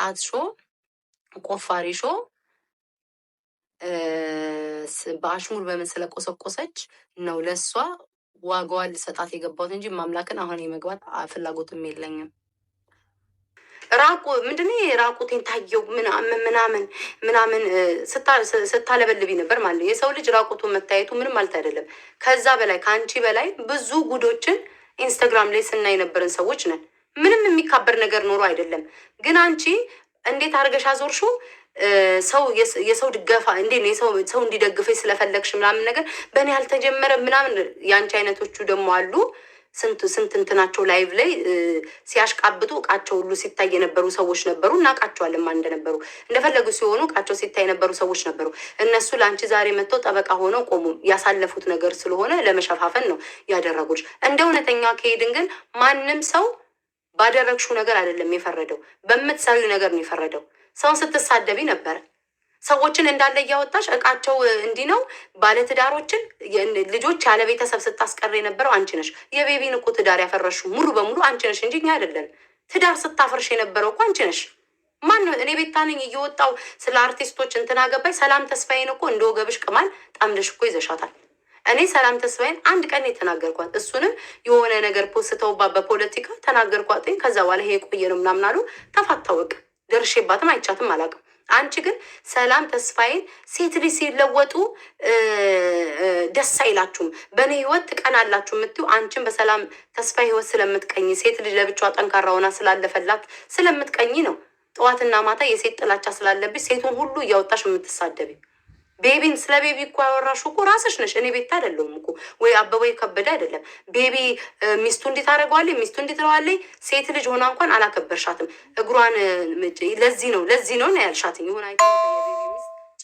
ቆፋሪ ቆፋሪሾ በአሽሙር በምን ስለቆሰቆሰች ነው ለእሷ ዋጋዋ ልሰጣት የገባት እንጂ ማምላክን አሁን የመግባት ፍላጎትም የለኝም። ራቁ ምንድነው ራቁቴን ታየው ምናምን ምናምን ስታለበልቢ ነበር ማለት ነው። የሰው ልጅ ራቁቱ መታየቱ ምንም ማለት አይደለም። ከዛ በላይ ከአንቺ በላይ ብዙ ጉዶችን ኢንስታግራም ላይ ስናይ ነበርን ሰዎች ነን። ምንም የሚካበር ነገር ኖሮ አይደለም። ግን አንቺ እንዴት አድርገሽ አዞርሽው? ሰው የሰው ድገፋ እንዴ ነው ሰው እንዲደግፈ ስለፈለግሽ ምናምን ነገር በእኔ ያልተጀመረ ምናምን የአንቺ አይነቶቹ ደግሞ አሉ። ስንት ስንት እንትናቸው ላይቭ ላይ ሲያሽቃብጡ እቃቸው ሁሉ ሲታይ የነበሩ ሰዎች ነበሩ። እናውቃቸዋለን ማን እንደነበሩ። እንደፈለጉ ሲሆኑ እቃቸው ሲታይ የነበሩ ሰዎች ነበሩ። እነሱ ለአንቺ ዛሬ መጥተው ጠበቃ ሆነው ቆሙ። ያሳለፉት ነገር ስለሆነ ለመሸፋፈን ነው ያደረጉች። እንደ እውነተኛ ከሄድን ግን ማንም ሰው ባደረግሽው ነገር አይደለም የፈረደው፣ በምትሰሪው ነገር ነው የፈረደው። ሰውን ስትሳደቢ ነበር። ሰዎችን እንዳለ እያወጣሽ እቃቸው እንዲህ ነው። ባለትዳሮችን ልጆች ያለ ቤተሰብ ስታስቀር የነበረው አንቺ ነሽ። የቤቢን እኮ ትዳር ያፈረሹ ሙሉ በሙሉ አንቺ ነሽ እንጂ እኛ አይደለን። ትዳር ስታፈርሽ የነበረው እኮ አንቺ ነሽ። ማን እኔ ቤታ ነኝ እየወጣው ስለ አርቲስቶች እንትን ገባኝ ሰላም ተስፋዬን እኮ እንደ ወገብሽ ቅማል ጣምደሽ እኮ ይዘሻታል። እኔ ሰላም ተስፋዬን አንድ ቀን የተናገርኳት እሱንም የሆነ ነገር ፖስተውባት በፖለቲካ ተናገርኳት። ከዛ በኋላ ይሄ የቆየ ነው ምናምን አሉ። ተፋታወቅ ደርሼባትም አይቻትም አላውቅም። አንቺ ግን ሰላም ተስፋዬን ሴት ልጅ ሲለወጡ ደስ አይላችሁም፣ በእኔ ህይወት ትቀናላችሁ የምትዩ አንቺን በሰላም ተስፋ ህይወት ስለምትቀኝ ሴት ልጅ ለብቻዋ ጠንካራ ሆና ስላለፈላት ስለምትቀኝ ነው። ጠዋትና ማታ የሴት ጥላቻ ስላለብሽ ሴቱን ሁሉ እያወጣሽ የምትሳደብኝ። ቤቢን ስለ ቤቢ እኮ ያወራሽ እኮ ራስሽ ነሽ። እኔ ቤት አይደለሁም እኮ ወይ አበበ ከበደ አይደለም። ቤቢ ሚስቱ እንዴት አደረገዋለኝ፣ ሚስቱ እንዴት ረዋለኝ። ሴት ልጅ ሆና እንኳን አላከበርሻትም። እግሯን ለዚህ ነው ለዚህ ነው ያልሻትኝ ሆና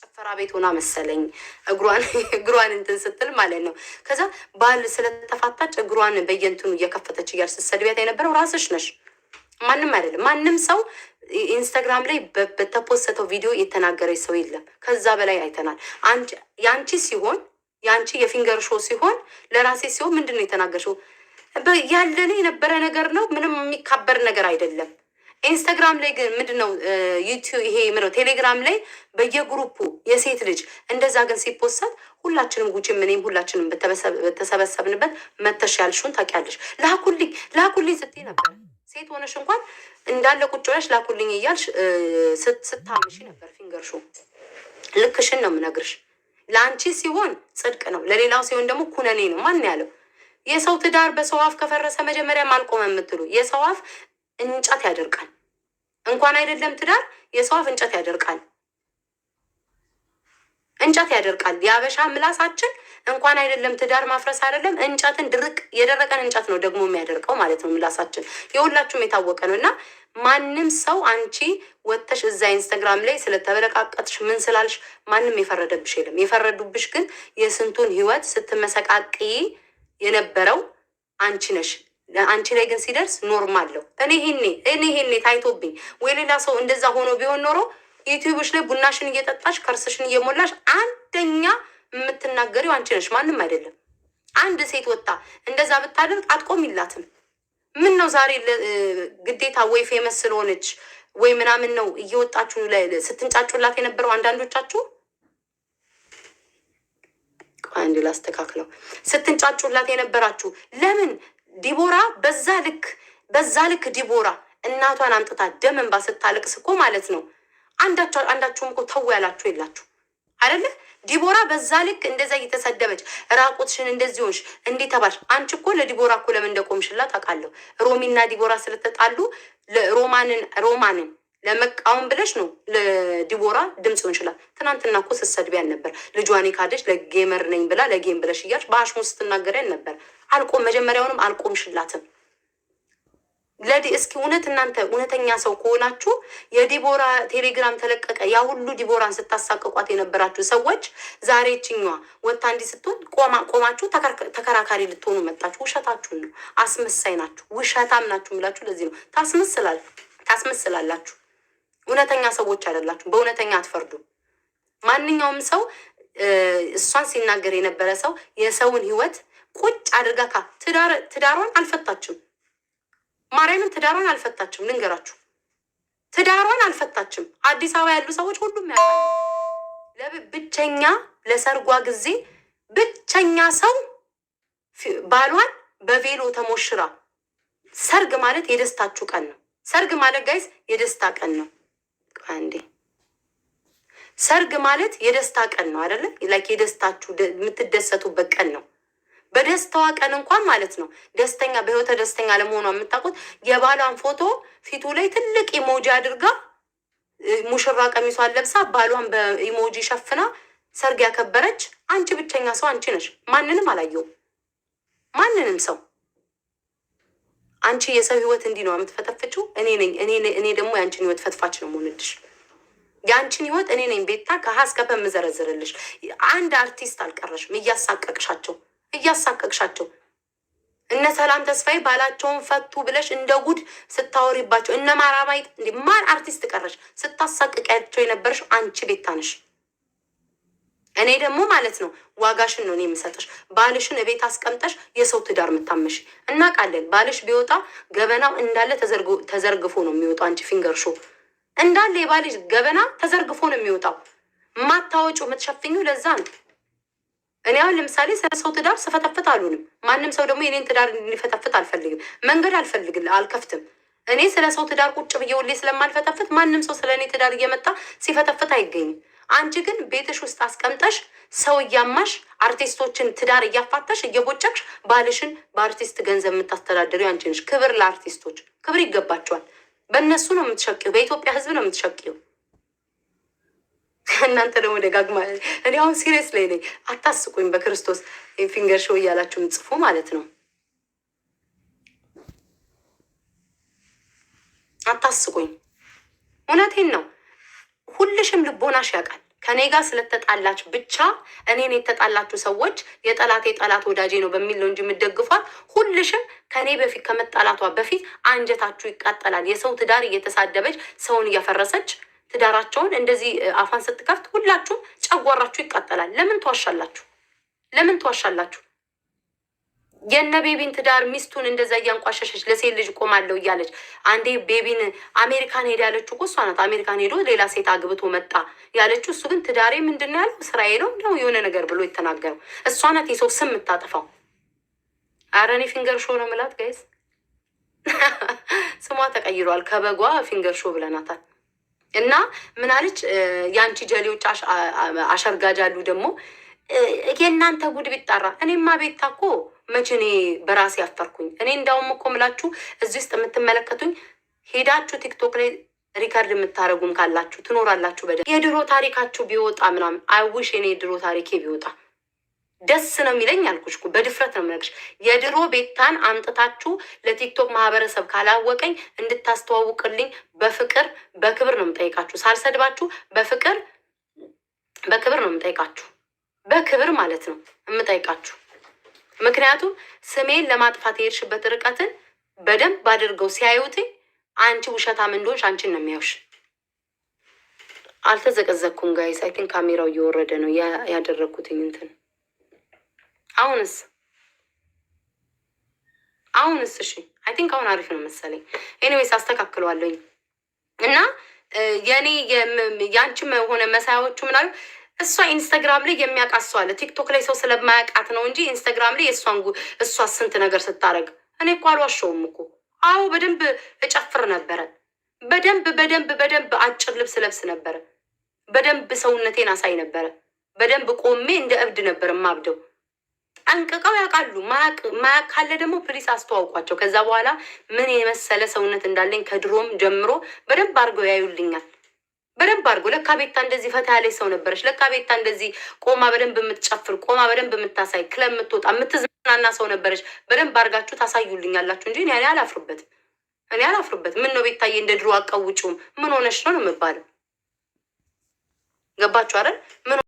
ጭፈራ ቤት ሆና መሰለኝ እግሯን እግሯን እንትን ስትል ማለት ነው። ከዛ ባል ስለተፋታች እግሯን በየንትኑ እየከፈተች እያል ስትሰድቢያት የነበረው ራስሽ ነሽ። ማንም አይደለም። ማንም ሰው ኢንስታግራም ላይ በተፖሰተው ቪዲዮ የተናገረ ሰው የለም። ከዛ በላይ አይተናል። የአንቺ ሲሆን የአንቺ የፊንገር ሾ ሲሆን ለራሴ ሲሆን ምንድን ነው የተናገርሽው? ያለን የነበረ ነገር ነው። ምንም የሚካበር ነገር አይደለም። ኢንስታግራም ላይ ግን ምንድን ነው ዩቲዩብ ይሄ ምነው ቴሌግራም ላይ በየግሩፑ የሴት ልጅ እንደዛ ግን ሲፖሰት ሁላችንም ጉጭም ምንም ሁላችንም በተሰበሰብንበት መተሽ ያልሽውን ታውቂያለሽ። ላኩልኝ ላኩልኝ ስትይ ነበር ሴት ሆነሽ እንኳን እንዳለ ቁጭ ብለሽ ላኩልኝ እያልሽ ስታምሽ ነበር። ፊንገር ሾ ልክሽን ነው የምነግርሽ። ለአንቺ ሲሆን ጽድቅ ነው፣ ለሌላው ሲሆን ደግሞ ኩነኔ ነው። ማን ያለው የሰው ትዳር በሰው አፍ ከፈረሰ መጀመሪያ ማልቆመ የምትሉ የሰው አፍ እንጨት ያደርቃል። እንኳን አይደለም ትዳር የሰው አፍ እንጨት ያደርቃል። እንጨት ያደርቃል። የአበሻ ምላሳችን እንኳን አይደለም ትዳር ማፍረስ አይደለም እንጨትን ድርቅ የደረቀን እንጨት ነው ደግሞ የሚያደርቀው ማለት ነው ምላሳችን የሁላችሁም የታወቀ ነው እና ማንም ሰው አንቺ ወጥተሽ እዛ ኢንስታግራም ላይ ስለተበለቃቀጥሽ ምን ስላልሽ ማንም የፈረደብሽ የለም። የፈረዱብሽ ግን የስንቱን ህይወት ስትመሰቃቅ የነበረው አንቺ ነሽ። አንቺ ላይ ግን ሲደርስ ኖርማል ነው። እኔ ይሄኔ እኔ ይሄኔ ታይቶብኝ ወይ ሌላ ሰው እንደዛ ሆኖ ቢሆን ኖሮ ዩቲዩብሽ ላይ ቡናሽን እየጠጣሽ ከርስሽን እየሞላሽ አንደኛ የምትናገሪው አንቺ ነሽ፣ ማንም አይደለም። አንድ ሴት ወጣ እንደዛ ብታደርግ ይላትም። ምን ነው ዛሬ ግዴታ ወይ ፌመስ ስለሆነች ወይ ምናምን ነው እየወጣችሁ ስትንጫጩላት የነበረው አንዳንዶቻችሁ አንድ ላስተካክለው ስትንጫጩላት የነበራችሁ ለምን ዲቦራ በዛ ልክ በዛ ልክ ዲቦራ እናቷን አምጥታ ደም እንባ ስታለቅስ እኮ ማለት ነው አንዳችሁም እኮ ተው ያላችሁ የላችሁ አይደለ? ዲቦራ በዛ ልክ እንደዛ እየተሰደበች ራቁትሽን እንደዚህ ሆንሽ እንዲህ ተባልሽ። አንቺ እኮ ለዲቦራ እኮ ለምን እንደቆምሽላ አውቃለሁ። ሮሚና ዲቦራ ስለተጣሉ ሮማንን ሮማንን ለመቃወም ብለሽ ነው ለዲቦራ ድምፅ ይችላል። ትናንትና እኮ ስትሰድቢያን ነበር። ልጇን ካደች ለጌመር ነኝ ብላ ለጌም ብለሽ እያልሽ በአሽሙ ስትናገሪያን ነበር። አልቆም መጀመሪያውንም አልቆምሽላትም። ለዲ እስኪ እውነት እናንተ እውነተኛ ሰው ከሆናችሁ የዲቦራ ቴሌግራም ተለቀቀ። ያ ሁሉ ዲቦራን ስታሳቅቋት የነበራችሁ ሰዎች ዛሬ ችኛዋ ወታ እንዲህ ስትሆን ቆማችሁ ተከራካሪ ልትሆኑ መጣችሁ። ውሸታችሁን ነው። አስመሳይ ናችሁ፣ ውሸታም ናችሁ የምላችሁ ለዚህ ነው። ታስመስላላችሁ። እውነተኛ ሰዎች አይደላችሁ። በእውነተኛ አትፈርዱ። ማንኛውም ሰው እሷን ሲናገር የነበረ ሰው የሰውን ህይወት ቁጭ አድርጋካ ትዳሯን አልፈታችም ማርያምን ትዳሯን አልፈታችም። ልንገራችሁ፣ ትዳሯን አልፈታችም። አዲስ አበባ ያሉ ሰዎች ሁሉም ያውቃሉ። ብቸኛ ለሰርጓ ጊዜ ብቸኛ ሰው ባሏን በቬሎ ተሞሽራ። ሰርግ ማለት የደስታችሁ ቀን ነው። ሰርግ ማለት ጋይስ የደስታ ቀን ነው። አንዴ ሰርግ ማለት የደስታ ቀን ነው አይደለ? ላይክ የደስታችሁ የምትደሰቱበት ቀን ነው። በደስታዋ ቀን እንኳን ማለት ነው ደስተኛ በህይወተ ደስተኛ ለመሆኗ የምታውቁት የባሏን ፎቶ ፊቱ ላይ ትልቅ ኢሞጂ አድርጋ ሙሽራ ቀሚሷን ለብሳ ባሏን በኢሞጂ ሸፍና ሰርግ ያከበረች አንቺ ብቸኛ ሰው አንቺ ነሽ። ማንንም አላየው? ማንንም ሰው አንቺ የሰው ህይወት እንዲህ ነው የምትፈተፍችው። እኔ ነኝ እኔ ደግሞ የአንቺን ህይወት ፈትፋች ነው የምሆንልሽ። የአንቺን ህይወት እኔ ነኝ ቤታ ከሀስከፈ የምዘረዝርልሽ። አንድ አርቲስት አልቀረሽም እያሳቀቅሻቸው እያሳቀቅሻቸው እነ ሰላም ተስፋዬ ባላቸውን ፈቱ ብለሽ እንደ ጉድ ስታወሪባቸው እነ እንዲ ማን አርቲስት ቀረሽ? ስታሳቅቂያቸው የነበረሽ አንቺ ቤታ ነሽ። እኔ ደግሞ ማለት ነው ዋጋሽን ነው የምሰጥሽ። ባልሽን እቤት አስቀምጠሽ የሰው ትዳር የምታመሽ እናውቃለን። ባልሽ ቢወጣ ገበናው እንዳለ ተዘርግፎ ነው የሚወጣው። አንቺ ፊንገር ሾ እንዳለ የባልሽ ገበና ተዘርግፎ ነው የሚወጣው። ማታወጩ የምትሸፍኙ ለዛ ነው። እኔ አሁን ለምሳሌ ስለ ሰው ትዳር ስፈተፍት አልሆንም። ማንም ሰው ደግሞ የኔን ትዳር እንዲፈተፍት አልፈልግም። መንገድ አልፈልግል አልከፍትም። እኔ ስለ ሰው ትዳር ቁጭ ብዬ ሁሌ ስለማልፈተፍት ማንም ሰው ስለ እኔ ትዳር እየመጣ ሲፈተፍት አይገኝም። አንቺ ግን ቤትሽ ውስጥ አስቀምጠሽ ሰው እያማሽ አርቲስቶችን ትዳር እያፋታሽ እየቦጨቅሽ ባልሽን በአርቲስት ገንዘብ የምታስተዳደሪው አንቺ ነሽ። ክብር ለአርቲስቶች ክብር ይገባቸዋል። በእነሱ ነው የምትሸቂው፣ በኢትዮጵያ ሕዝብ ነው የምትሸቂው። እናንተ ደግሞ ደጋግማ እኔ አሁን ሲሪየስ ላይ ነኝ። አታስቁኝ። በክርስቶስ ፊንገር ሾው እያላችሁም ጽፉ ማለት ነው። አታስቁኝ። እውነቴን ነው። ሁልሽም ልቦናሽ ያውቃል። ከኔ ጋር ስለተጣላች ብቻ እኔን የተጣላችሁ ሰዎች የጠላቴ ጠላት ወዳጄ ነው በሚል ነው እንጂ የምደግፏት ሁልሽም ከኔ በፊት ከመጣላቷ በፊት አንጀታችሁ ይቃጠላል። የሰው ትዳር እየተሳደበች ሰውን እያፈረሰች ትዳራቸውን እንደዚህ አፋን ስትከፍት ሁላችሁም ጨጓራችሁ ይቃጠላል። ለምን ትዋሻላችሁ? ለምን ትዋሻላችሁ? የነ ቤቢን ትዳር ሚስቱን እንደዛ እያንቋሸሸች ለሴት ልጅ ቆማለሁ እያለች አንዴ ቤቢን አሜሪካን ሄድ ያለችው እኮ እሷ ናት። አሜሪካን ሄዶ ሌላ ሴት አግብቶ መጣ ያለችው። እሱ ግን ትዳሬ ምንድን ነው ያለው ስራዬ ነው እንደው የሆነ ነገር ብሎ የተናገረው እሷ ናት። የሰው ስም የምታጠፋው አረኔ ፊንገር ሾ ነው ምላት ጋይስ ስሟ ተቀይሯል። ከበጓ ፊንገር ሾ ብለናታል። እና ምን አለች የአንቺ ጀሌዎች አሸርጋጅ አሉ ደግሞ የእናንተ ጉድ ቢጣራ እኔማ ቤታ እኮ መቼ እኔ በራሴ ያፈርኩኝ። እኔ እንዳውም እኮ ምላችሁ እዚህ ውስጥ የምትመለከቱኝ ሄዳችሁ ቲክቶክ ላይ ሪከርድ የምታደረጉም ካላችሁ ትኖራላችሁ። በደ የድሮ ታሪካችሁ ቢወጣ ምናምን አይውሽ እኔ የድሮ ታሪኬ ቢወጣ ደስ ነው የሚለኝ አልኩሽ እኮ በድፍረት ነው የምነግርሽ። የድሮ ቤታን አምጥታችሁ ለቲክቶክ ማህበረሰብ ካላወቀኝ እንድታስተዋውቅልኝ በፍቅር በክብር ነው የምጠይቃችሁ። ሳልሰድባችሁ በፍቅር በክብር ነው የምጠይቃችሁ። በክብር ማለት ነው የምጠይቃችሁ። ምክንያቱም ስሜን ለማጥፋት የሄድሽበት ርቀትን በደንብ አድርገው ሲያዩትኝ አንቺ ውሸታም እንደሆንሽ አንቺን ነው የሚያዩሽ። አልተዘቀዘኩም ጋይስ። አይ ቲንክ ካሜራው እየወረደ ነው ያደረግኩትኝ እንትን አሁንስ አሁንስ እሺ፣ አይ ቲንክ አሁን አሪፍ ነው መሰለኝ። ኤኒዌይስ አስተካክለዋለኝ እና የኔ የአንቺ ሆነ መሳያዎቹ ምናሉ እሷ ኢንስታግራም ላይ የሚያውቃት ሰው አለ። ቲክቶክ ላይ ሰው ስለማያውቃት ነው እንጂ ኢንስታግራም ላይ የእሷን እሷ ስንት ነገር ስታደርግ እኔ እኮ አልዋሸውም እኮ። አዎ በደንብ እጨፍር ነበረ። በደንብ በደንብ በደንብ አጭር ልብስ ለብስ ነበረ። በደንብ ሰውነቴን አሳይ ነበረ። በደንብ ቆሜ እንደ እብድ ነበር የማብደው። ጠንቅቀው ያውቃሉ። ማያቅ ካለ ደግሞ ፕሊስ አስተዋውቋቸው። ከዛ በኋላ ምን የመሰለ ሰውነት እንዳለኝ ከድሮም ጀምሮ በደንብ አድርገው ያዩልኛል። በደንብ አድርጎ ለካ ቤታ እንደዚህ ፈታ ያለች ሰው ነበረች። ለካ ቤታ እንደዚህ ቆማ በደንብ የምትጨፍር ቆማ በደንብ የምታሳይ ክለብ የምትወጣ የምትዝናና ሰው ነበረች። በደንብ አድርጋችሁ ታሳዩልኛላችሁ እንጂ እኔ አላፍርበትም። እኔ አላፍርበትም። ምን ነው ቤታዬ እንደ ድሮ አቀውጩም ምን ሆነሽ ነው ነው የምባለው። ገባችሁ አይደል?